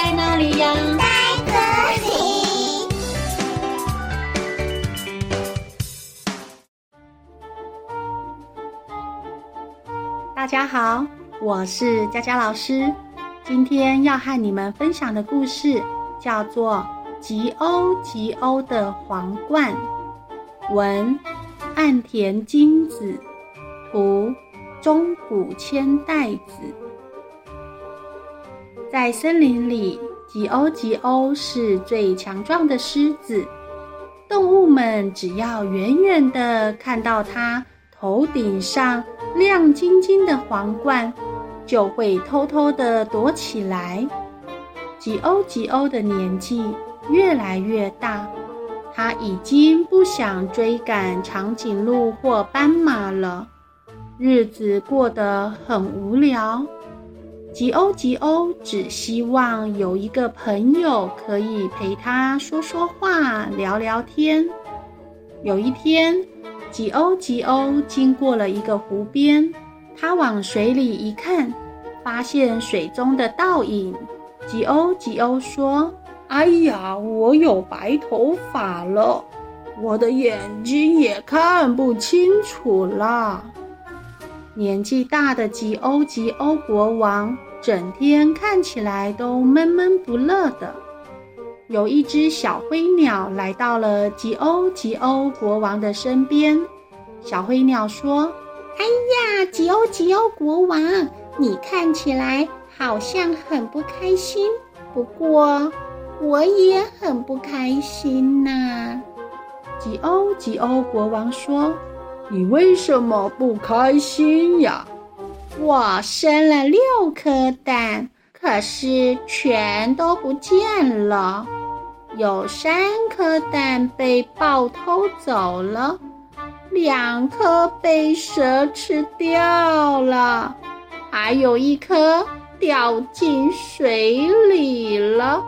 在哪裡呀？在這裡。大家好，我是佳佳老師。今天要和你們分享的故事叫做《吉歐吉歐的皇冠》，文岸田金子，圖中谷千代子。在森林裡，吉歐吉歐是最強壯的獅子。動物們只要遠遠地看到它頭頂上亮晶晶的皇冠，就會偷偷地躲起來。吉歐吉歐的年紀越來越大，它已經不想追趕長頸鹿或斑馬了，日子過得很無聊。吉歐吉歐只希望有一個朋友可以陪他說說話、聊聊天。有一天，吉歐吉歐經過了一個湖邊，他往水裡一看，發現水中的倒影。吉歐吉歐說：“哎呀，我有白頭髮了，我的眼睛也看不清楚啦。”年紀大的吉歐吉歐國王整天看起來都悶悶不樂的。有一隻小灰鳥來到了吉歐吉歐國王的身邊。小灰鳥說：“哎呀，吉歐吉歐國王，你看起來好像很不開心。不過，我也很不開心吶、啊。”吉歐吉歐國王說。你為什麼不開心呀？我生了六顆蛋，可是全都不見了。有三顆蛋被豹偷走了，兩顆被蛇吃掉了，還有一顆掉進水裡了。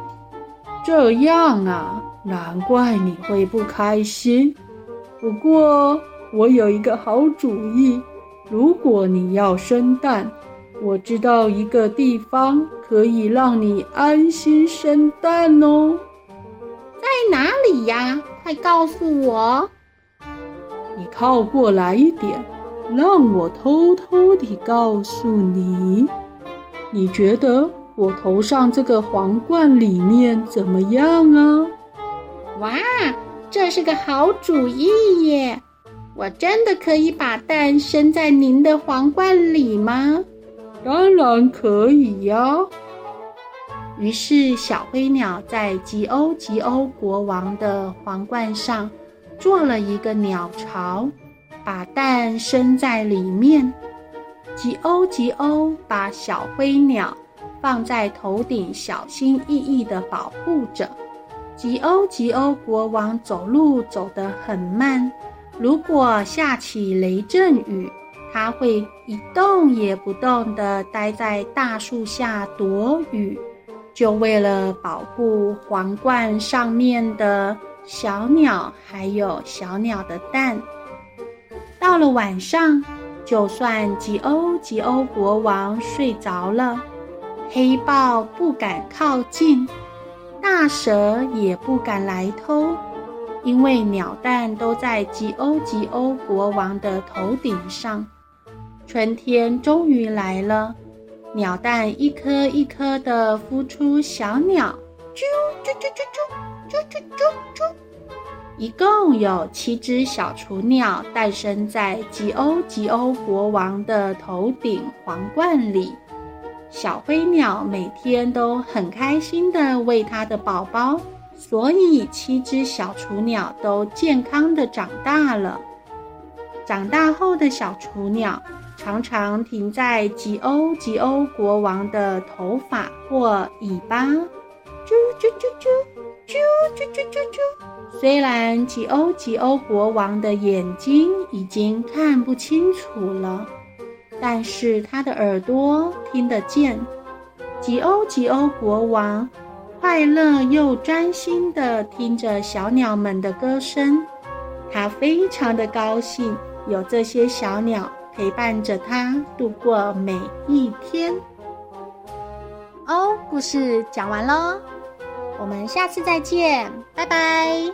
這樣啊，難怪你會不開心，不過……我有一個好主意，如果你要生蛋，我知道一個地方可以讓你安心生蛋哦。在哪裡呀？快告訴我！你靠過來一點，讓我偷偷地告訴你。你覺得我頭上這個皇冠裡面怎麼樣啊？哇，這是個好主意耶！我真的可以把蛋生在您的皇冠裡嗎？當然可以呀、哦。於是小灰鳥在吉歐吉歐國王的皇冠上做了一個鳥巢，把蛋生在裡面。吉歐吉歐把小灰鳥放在頭頂，小心翼翼地保護着。吉歐吉歐國王走路走得很慢。如果下起雷陣雨，它會一動也不動地待在大樹下躲雨，就為了保護皇冠上面的小鳥還有小鳥的蛋。到了晚上，就算吉歐吉歐國王睡着了，黑豹不敢靠近，大蛇也不敢來偷。因為鳥蛋都在吉歐吉歐國王的頭頂上，春天終於來了，鳥蛋一顆一顆的孵出小鳥，啾啾啾啾啾啾啾啾啾，一共有七隻小雛鳥誕生在吉歐吉歐國王的頭頂皇冠裡。小飛鳥每天都很開心的喂它的寶寶。所以，七隻小雛鳥都健康地長大了。長大後的小雛鳥，常常停在吉歐吉歐國王的頭髮或尾巴。啾啾啾啾啾啾啾啾。雖然吉歐吉歐國王的眼睛已經看不清楚了，但是他的耳朵聽得見。吉歐吉歐國王。快樂又專心的聽着小鳥們的歌聲，牠非常的高興，有這些小鳥陪伴着牠度過每一天。哦，故事講完嘍，我們下次再見，拜拜。